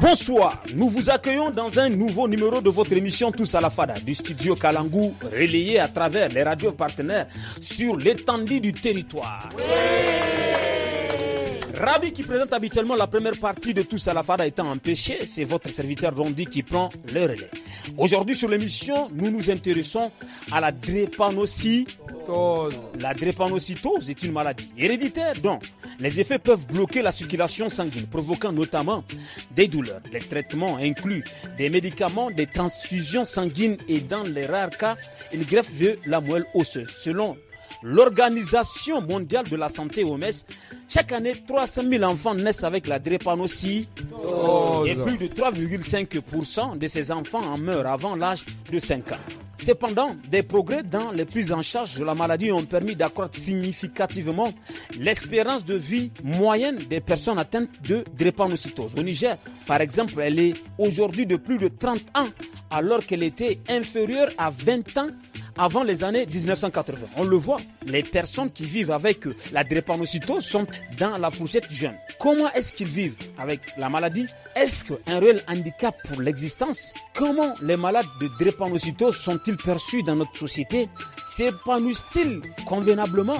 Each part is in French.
Bonsoir, nous vous accueillons dans un nouveau numéro de votre émission Tous à la Fada du studio Kalangou, relayé à travers les radios partenaires sur l'étendue du territoire. Rabi qui présente habituellement la première partie de tout Salafada étant empêché, c'est votre serviteur Rondi qui prend le relais. Aujourd'hui sur l'émission, nous nous intéressons à la drépanocytose. La drépanocytose est une maladie héréditaire dont les effets peuvent bloquer la circulation sanguine, provoquant notamment des douleurs. Les traitements incluent des médicaments, des transfusions sanguines et dans les rares cas, une greffe de la moelle osseuse. Selon L'Organisation mondiale de la santé OMS, chaque année 300 000 enfants naissent avec la drépanocytose oh, et plus de 3,5% de ces enfants en meurent avant l'âge de 5 ans. Cependant, des progrès dans les prises en charge de la maladie ont permis d'accroître significativement l'espérance de vie moyenne des personnes atteintes de drépanocytose. Au Niger, par exemple, elle est aujourd'hui de plus de 30 ans alors qu'elle était inférieure à 20 ans avant les années 1980. On le voit, les personnes qui vivent avec la drépanocytose sont dans la fourchette jeune. Comment est-ce qu'ils vivent avec la maladie Est-ce qu'un réel handicap pour l'existence Comment les malades de drépanocytose sont-ils perçus dans notre société S'épanouissent-ils convenablement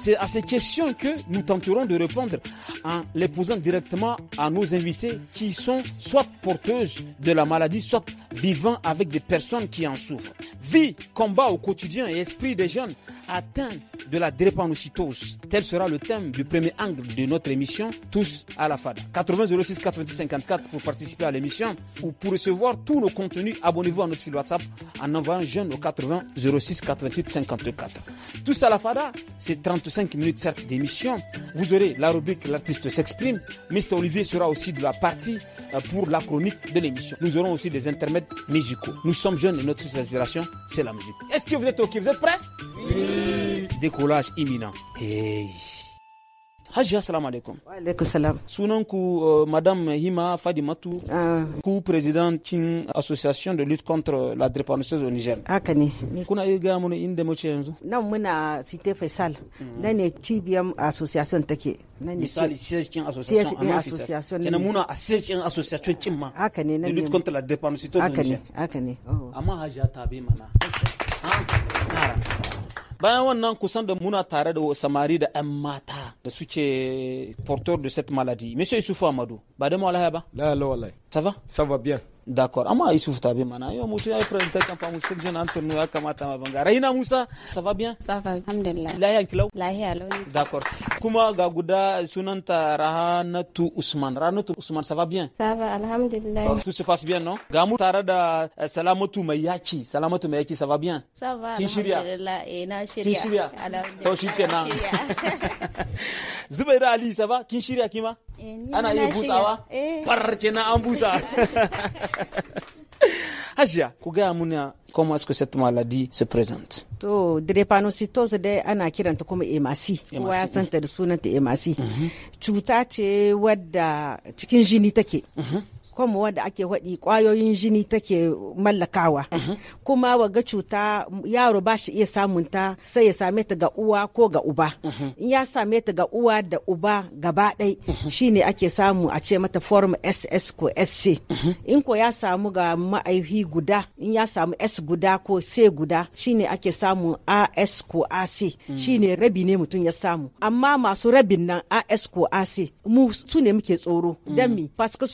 C'est à ces questions que nous tenterons de répondre en les posant directement à nos invités qui sont soit porteuses de la maladie, soit vivant avec des personnes qui en souffrent. Vie, combat au quotidien et esprit des jeunes atteints de la drépanocytose. Tel sera le thème du premier angle de notre émission Tous à la Fada. 80 06 90 54 pour participer à l'émission ou pour recevoir tous nos contenus, abonnez-vous à notre fil WhatsApp en envoyant jeune au 80 06 88 54. Tous à la FADA, c'est 35 minutes certes d'émission. Vous aurez la rubrique L'artiste s'exprime. Mr. Olivier sera aussi de la partie euh, pour la chronique de l'émission. Nous aurons aussi des intermèdes musicaux. Nous sommes jeunes et notre inspiration, c'est la musique vous êtes OK Vous êtes prêts Oui. Décollage imminent. Hey. Haji, Salam alaikum. Wa alaikum salam. Madame Hima Fadimatu. Ah. présidente association de lutte contre la drépanocytose au Niger. Ah, Kuna e cité mm. association association. association. association ah, lutte contre la au Niger bayan wannan kusan da muna tare da samari da 'yan mata da suke porteur de cette maladie monsieur Issoufou Amadou ba da mawalaya ba la la wallahi ça va ça va bien D'accord. Ama Issouf Tabé mana. Yo mutu ya prendre tête en hein, pamu sek jeune entre hein, nous kama tama banga. Raina Musa, ça va bien? Ça va. Alhamdulillah. Lahi kilaw Lahi alo. D'accord. Kuma ga guda sunanta Rahanatu Ousmane. Rahanatu Ousmane, ça va bien? Ça va, alhamdulillah. Oh, tout se passe bien, non? Gamu tara da euh, Salamatu Mayachi. Salamatu Mayachi, ça va bien? Ça va. Kin shirya? Alhamdulillah. Eh shiria shirya. Kin shirya? Alhamdulillah. To shi kenan. Ali, ça va? Kin kima? Eh, ana iya busawa eh. farar kenan an busa hajiya ku gaya muna comment est-ce que cette maladie to drepanocytose dai ana kiranta kuma emasi kowa ya mhm. santa da sunanta emasi mhm. cuta ce wadda cikin jini take mhm. kuma wanda ake waɗi ƙwayoyin jini take mallakawa kuma waga cuta yaro ba shi iya samun ta sai ya same ta ga uwa ko ga uba in ya same ta ga uwa da uba gaba ɗai ne ake samu a ce mata form ss ko sc in ko ya samu ga ma'aihi guda in ya samu s guda ko c guda shi ne ake samu as ko ac hmm. shi ne rabi ne mutum ya samu amma masu rabin nan as ko ac mu su ne muke tsoro hmm. don mi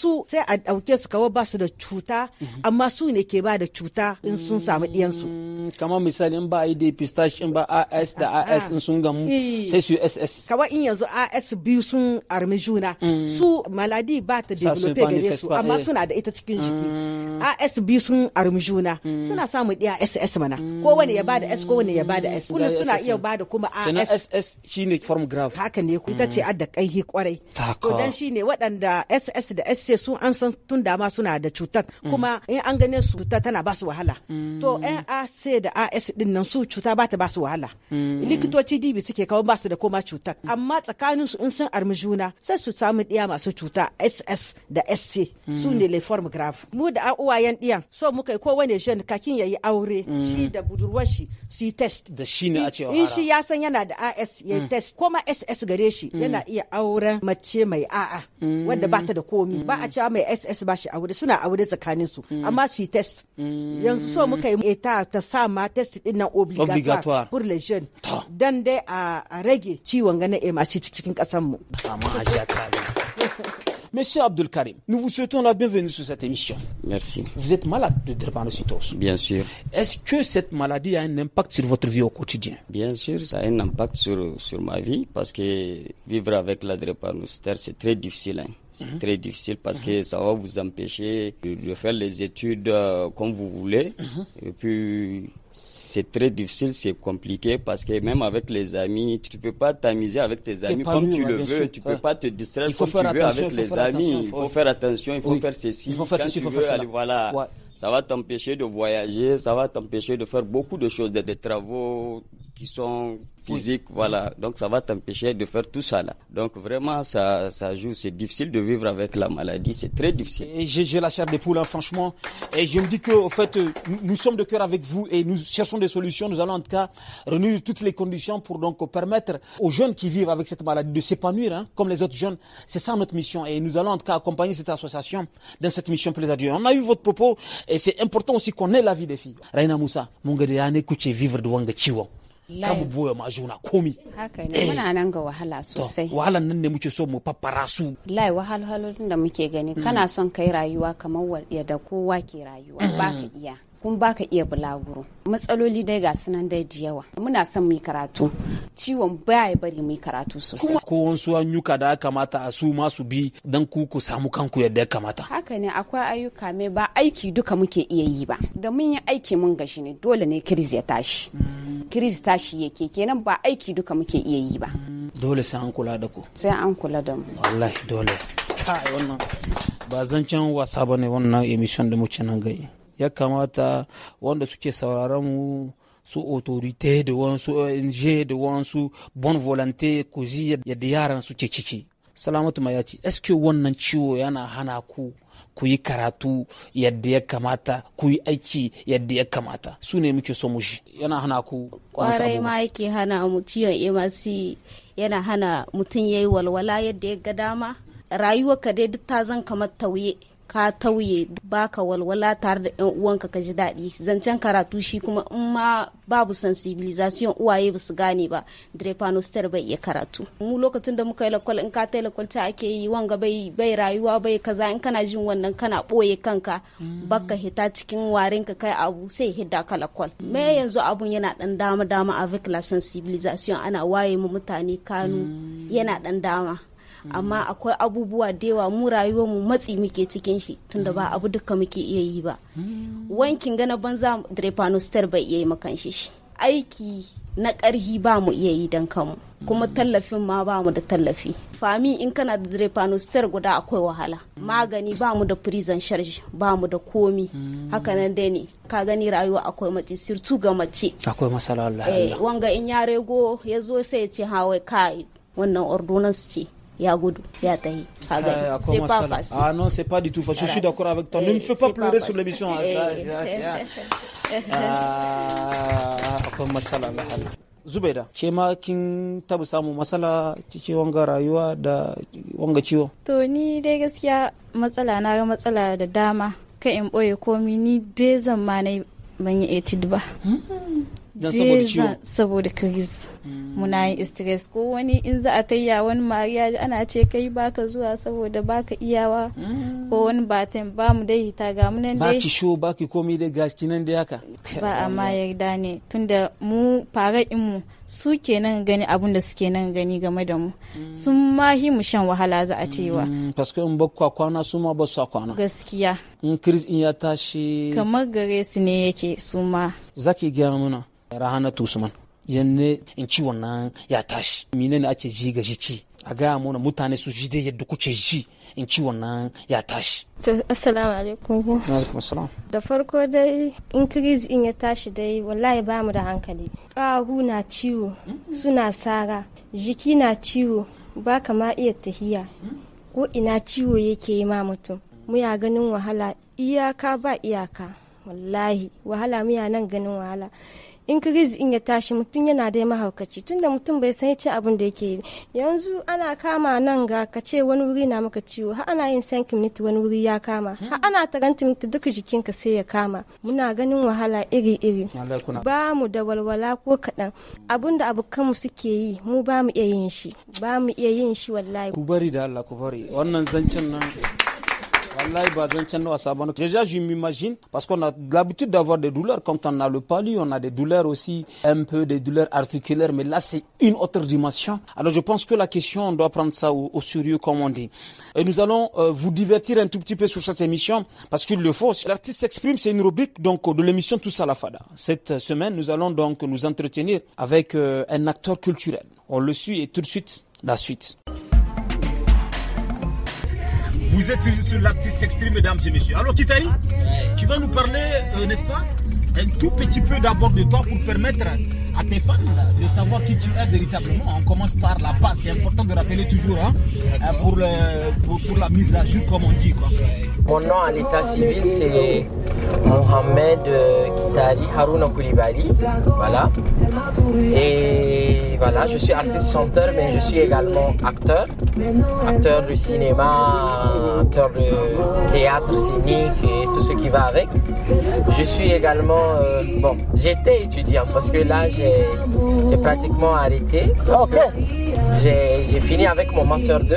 su sai a dauke su kawai ba su da cuta amma su ne ke ba da cuta in sun samu ɗiyansu. Mm, kama misali in ba a yi da pistache in ba as da as ah, ah. in sun gamu eh. sai su ss kawai in yanzu as biyu sun armi juna mm. su maladi ba ta develope gare su amma eh. suna da ita cikin jiki mm. as biyu sun armi juna suna samun ɗiya ss mana ko wani ya da s ko wani ya da s kuma suna iya ba da kuma as ss shine form graph haka ne ita ce adda kaihi kwarai to dan shine waɗanda ss da sc sun an san tun da ma suna da cutar mm. kuma in an gane su cuta tana su wahala mm. to NAC da AS din nan su cuta ba ta ba su wahala mm. likitoci dibi suke kawo su da koma cutar amma tsakanin su in sun armi juna sai su samu ɗiya masu cuta SS da SC su ne form graph mu da uwayen ɗiyan so muka yi kowane jen kakin yayi aure shi da budurwar shi su yi test da shi ne a cewa in shi ya san yana da AS ya test koma SS gare shi yana iya auren mace mai a'a wadda ba ta da komi ba a cewa mai SS ss ba shi wuri suna aure tsakanin su mm. amma su yi test mm. yanzu so muka yi eta ta sa ma test din nan obligatoire pour les jeunes dan dai a rage ciwon ganin MRC cikin kasan mu Monsieur Abdelkarim, nous vous souhaitons la bienvenue sur cette émission. Merci. Vous êtes malade de drépanocytose. Bien sûr. Est-ce que cette maladie a un impact sur votre vie au quotidien Bien sûr, ça a un impact sur, sur ma vie parce que vivre avec la drépanocytose, c'est très difficile. Hein. C'est mhm. très difficile parce que mhm. ça va vous empêcher de, faire les études euh, comme vous voulez. Mhm. Et puis, c'est très difficile, c'est compliqué parce que même avec les amis, tu ne peux pas t'amuser avec tes amis comme tu hein, le veux, tu ne peux pas te distraire comme tu veux avec les amis. Il faut faire attention, il faut faire ceci. Il faut faire ceci, Voilà ça va t'empêcher de voyager, ça va t'empêcher de faire beaucoup de choses, des, travaux qui sont physiques, voilà. Mm-hmm. Donc ça va t'empêcher de faire tout ça là. Donc vraiment, ça, ça joue. C'est difficile de vivre avec la maladie, c'est très difficile. Et j'ai la chair des poules, hein, franchement. Et je me dis que, au fait, euh, nous, sommes de cœur avec vous et nous cherchons des solutions. Nous allons en tout cas renouer toutes les conditions pour donc permettre aux jeunes qui vivent avec cette maladie de s'épanouir, hein, comme les autres jeunes. C'est ça notre mission. Et nous allons en tout cas accompagner cette association dans cette mission plus à Dieu. On a eu votre propos Et c'est important aussi qu'on ait la vie des filles. Raina Musa, mun ga da ya ne vivre de wanga ciwon. Kamu boye ma juna komi. Haka eh. ne muna nan ga wahala sosai. Wahalan nan ne muke so mu faffara su. Lai wahalhalolin da muke gani kana mm. son kai rayuwa kamar yadda kowa ke rayuwa ba ka mm. iya. kun baka iya bulaguro matsaloli dai ga sunan dai da yawa muna son mu karatu ciwon baya ya bari mu karatu sosai ko wasu hanyuka da kamata a su ma su bi dan ku ku samu kanku yadda ya kamata haka ne akwai ayyuka mai ba aiki duka muke iya yi ba da mun yi aiki mun gashi ne dole ne kiriz ya tashi kiriz tashi yake kenan ba aiki duka muke iya yi ba dole sai an kula da ku sai an kula da mu wallahi dole wannan ba zancen wasa bane wannan emission da muke nan gai ya kamata wanda suke sauraron mu su autorite da wansu ONG da wansu bon volante kuzi yadda yaran suke ciki salamatu ma ya ce eske wannan ciwo yana hana ku ku yi karatu yadda ya kamata ku yi aiki yadda ya kamata su ne muke so mushi yana hana ku kwarai ma yake hana mu ciwon amc yana hana mutum ya yi walwala yadda ya ga dama ka dai duk ta zan kamar tauye ka tauye baka walwala tare da yan uwanka ka ji daɗi zancen karatu shi kuma in ma babu sensibilization uwaye ba su gane ba star bai iya karatu mu lokacin da muka yi lakwal in ka tai lakwal ta ake yi wanga bai bai rayuwa bai kaza in kana jin wannan kana ɓoye kanka baka hita cikin warin ka kai abu sai hidda ka lakwal me yanzu abun yana dan dama dama avec la sensibilisation ana waye mu mutane kanu mm. yana dan dama amma akwai abubuwa da yawa mu rayuwar mu matsi muke cikin shi tunda ba abu duka muke iya yi ba wankin gana banza drepanoster bai iya yi makan shi aiki na karhi ba mu iya yi don kanmu kuma tallafin ma ba mu da tallafi fami in kana da drepanoster guda akwai wahala magani ba mu da prison charge ba mu da komi haka nan dai ne ka gani rayuwa akwai mace sirtu ga mace akwai masala eh, wanga in ya rego ya zo sai ya ce hawa kai wannan ordonance ce ya gudu ya tahi ka eh, gani c'est pas facile ah non c'est pas du tout facile je suis d'accord avec toi ne me fais pas pleurer sur l'émission eh. ah, akwai matsala lahal zubaida ce ma kin taba samu matsala cikin wanga rayuwa da wanga ciwo to ni dai gaskiya matsala na ga matsala da dama ka in boye komi ni dai zan ma na ban yi etid ba hmm? saboda kiris. muna yin stress ko wani in za a taya wani mariya ana ce kai baka zuwa saboda baka iyawa ko wani batin ba mu dai hita ga mu nan dai baki sho baki komai dai gashi nan dai haka ba amma yarda ne tunda mu fara in mu su kenan gani abun da suke nan gani game da mu sun ma hi mu shan wahala za a cewa mm, paske in bakwa kwana su ma ba su kwana gaskiya in kris in ya tashi kamar gare su ne yake su ma zaki gaya muna rahana tusman yanne in ci wannan ya tashi ne ake ji ga ci a gaya mana mutane su ji dai yadda kuke ji in ci wannan ya tashi to assalamu alaikum alaikum assalam da farko dai in increase in ya tashi dai wallahi ba mu da hankali ƙahu na ciwo suna sara jiki na ciwo ba kama iya tahiya ko ina ciwo yake yi ma mutum mu ya ganin wahala iyaka ba iyaka wallahi wahala mu ya nan ganin wahala in kiriz in ya tashi mutum yana dai mahaukaci tunda mutum bai san yace abin da yake yi yanzu ana kama nan ga ka ce wani wuri na maka ciwo har ana yin san minti wani wuri ya kama har ana taranta minti duka jikinka sai ya kama muna ganin wahala iri iri ba mu da walwala ko kaɗan abin da mu suke yi mu ba mu iya yin shi ba mu iya yin shi wallahi ku bari da Allah ku bari wannan zancen nan Déjà, je m'imagine, parce qu'on a l'habitude d'avoir des douleurs. Quand on a le palu, on a des douleurs aussi, un peu des douleurs articulaires, mais là, c'est une autre dimension. Alors, je pense que la question, on doit prendre ça au, sérieux, comme on dit. Et nous allons euh, vous divertir un tout petit peu sur cette émission, parce qu'il le faut. L'artiste s'exprime, c'est une rubrique donc de l'émission Tous à la Fada. Cette semaine, nous allons donc nous entretenir avec euh, un acteur culturel. On le suit et tout de suite, la suite. Vous êtes sur l'artiste s'exprime, mesdames et messieurs. Alors, Kitari, tu vas nous parler, euh, n'est-ce pas un tout petit peu d'abord de toi pour permettre à tes fans de savoir qui tu es véritablement. On commence par la base, c'est important de rappeler toujours hein, euh, pour, la mise à jour comme on dit. Quoi. Mon nom à l'état civil c'est Mohamed euh, Kitari Harouna Koulibaly. Voilà. Et voilà, je suis artiste chanteur, mais je suis également acteur. Acteur de cinéma, acteur de théâtre scénique et tout ce qui va avec. Je suis également, euh, bon, j'étais étudiant parce que là j'ai pratiquement arrêté. j'ai fini avec mon master 2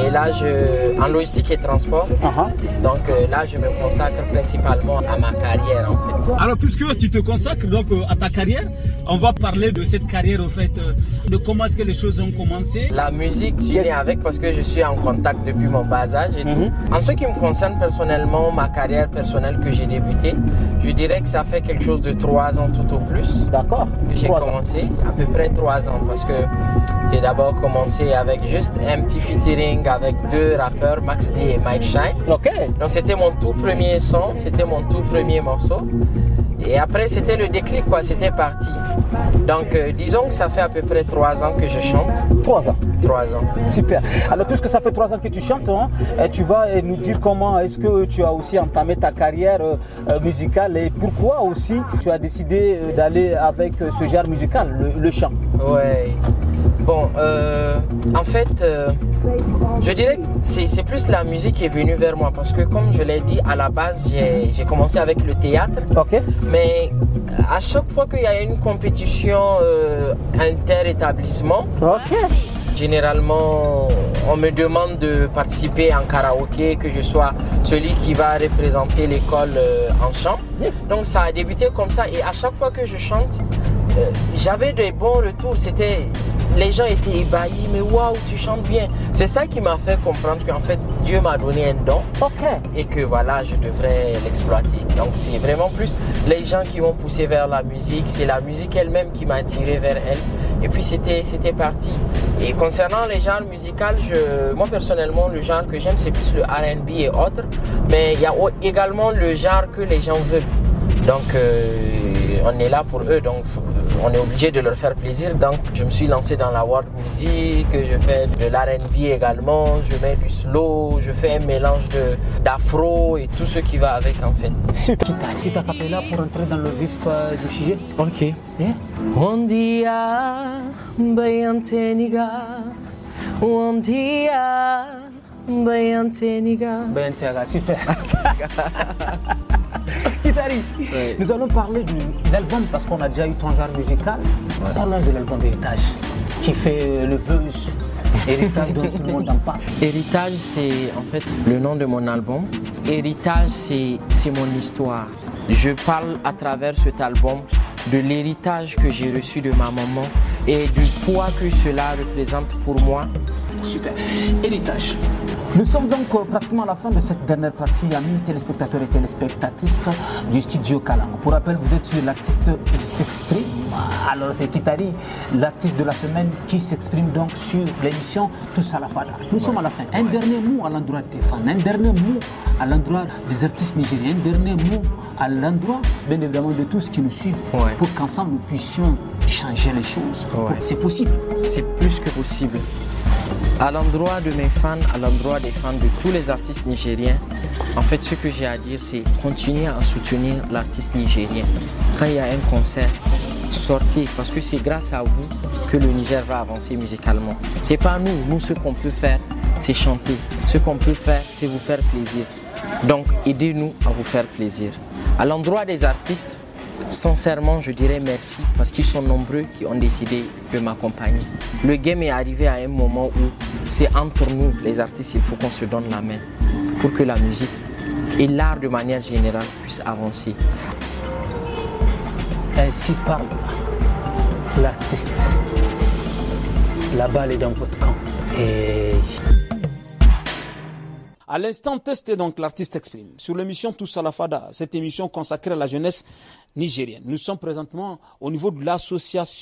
et là, je, en logistique et transport. Uh-huh. Donc euh, là, je me consacre principalement à ma carrière en fait. Alors, puisque tu te consacres donc euh, à ta carrière, on va parler de cette carrière en fait, euh, de comment est-ce que les choses ont commencé. La musique, je es avec parce que je suis en contact depuis mon bas âge et mhm. tout. En ce qui me concerne personnellement, ma carrière personnelle que j'ai débutée, je dirais que ça fait quelque chose de trois ans tout au plus. D'accord. j'ai commencé, à peu près trois ans parce que j'ai d'abord commencé avec juste un petit featuring avec deux rappeurs, Max D et Mike Shine. Ok. Donc c'était mon tout premier son, c'était mon tout premier morceau. Et après, c'était le déclic, quoi, c'était parti. Donc, euh, disons que ça fait à peu près trois ans que je chante. Trois ans Trois ans. Super. Alors, puisque ça fait trois ans que tu chantes, hein, eh, tu vas eh, nous dire comment est-ce que tu as aussi entamé ta carrière euh, euh, musicale et pourquoi aussi tu as décidé d'aller avec ce genre musical, le, le chant. Ouais. Bon, euh, en fait, euh, je dirais que c'est plus la musique qui est venue vers moi parce que, comme je l'ai dit, à la base, j'ai commencé avec le théâtre. Mais à chaque fois qu'il y a une compétition euh, inter-établissement, généralement, on me demande de participer en karaoké, que je sois celui qui va représenter l'école en chant. Donc, ça a débuté comme ça et à chaque fois que je chante, j'avais des bons retours. C'était les gens étaient ébahis, mais waouh, tu chantes bien. C'est ça qui m'a fait comprendre qu'en fait, Dieu m'a donné un don. Ok. Et que voilà, je devrais l'exploiter. Donc c'est vraiment plus les gens qui m'ont poussé vers la musique, c'est la musique elle-même qui m'a attiré vers elle. Et puis c'était, parti. Et concernant les genres musicaux, moi personnellement, le genre que j'aime, c'est plus le RB et autres. Mais il y a également le genre que les gens veulent. Donc, euh, on est là pour eux, donc on est obligé de leur faire plaisir. Donc je me suis lancé dans la world music, je fais de l'R&B également, je mets du slow, je fais un mélange d'afro et tout ce qui va avec en fait. Super. tapé là pour entrer dans le vif euh, du sujet. Ok. On dia bayanteniga, on dia super. Nous allons parler de l'album parce qu'on a déjà eu ton genre musical. Parlons de l'album d'héritage qui fait le buzz. Héritage dont tout le monde en parle. Héritage, c'est en fait le nom de mon album. Héritage, c'est mon histoire. Je parle à travers cet album de l'héritage que j'ai reçu de ma maman et du poids que cela représente pour moi Super. Et les tâches nous sommes donc euh, pratiquement à la fin de cette dernière partie, amis téléspectateurs et téléspectatrices du studio Kalam. Pour rappel, vous êtes sur l'artiste s'exprime. Alors c'est Kitari, l'artiste de la semaine, qui s'exprime donc sur l'émission Tous à la Fada. Nous sommes à la fin. Un dernier mot à l'endroit des fans, un dernier mot à l'endroit des artistes nigériens, un dernier mot à l'endroit, bien évidemment, de tous qui nous suivent, pour qu'ensemble nous puissions changer les choses. C'est possible. C'est plus que possible à l'endroit de mes fans, à l'endroit des fans de tous les artistes nigériens, en fait, ce que j'ai à dire, c'est continuer à soutenir l'artiste nigérien. Quand il y a un concert, sortez, parce que c'est grâce à vous que le Niger va avancer musicalement. C'est pas nous. Nous, ce qu'on peut faire, c'est chanter. Ce qu'on peut faire, c'est vous faire plaisir. Donc, aidez-nous à vous faire plaisir. À l'endroit des artistes, Sincèrement, je dirais merci parce qu'ils sont nombreux qui ont décidé de m'accompagner. Le game est arrivé à un moment où c'est entre nous, les artistes, il faut qu'on se donne la main pour que la musique et l'art de manière générale puissent avancer. Ainsi parle l'artiste. La balle est dans votre camp. Et à l'instant testé, donc, l'artiste exprime sur l'émission Tous à la Fada, cette émission consacrée à la jeunesse nigérienne. Nous sommes présentement au niveau de l'association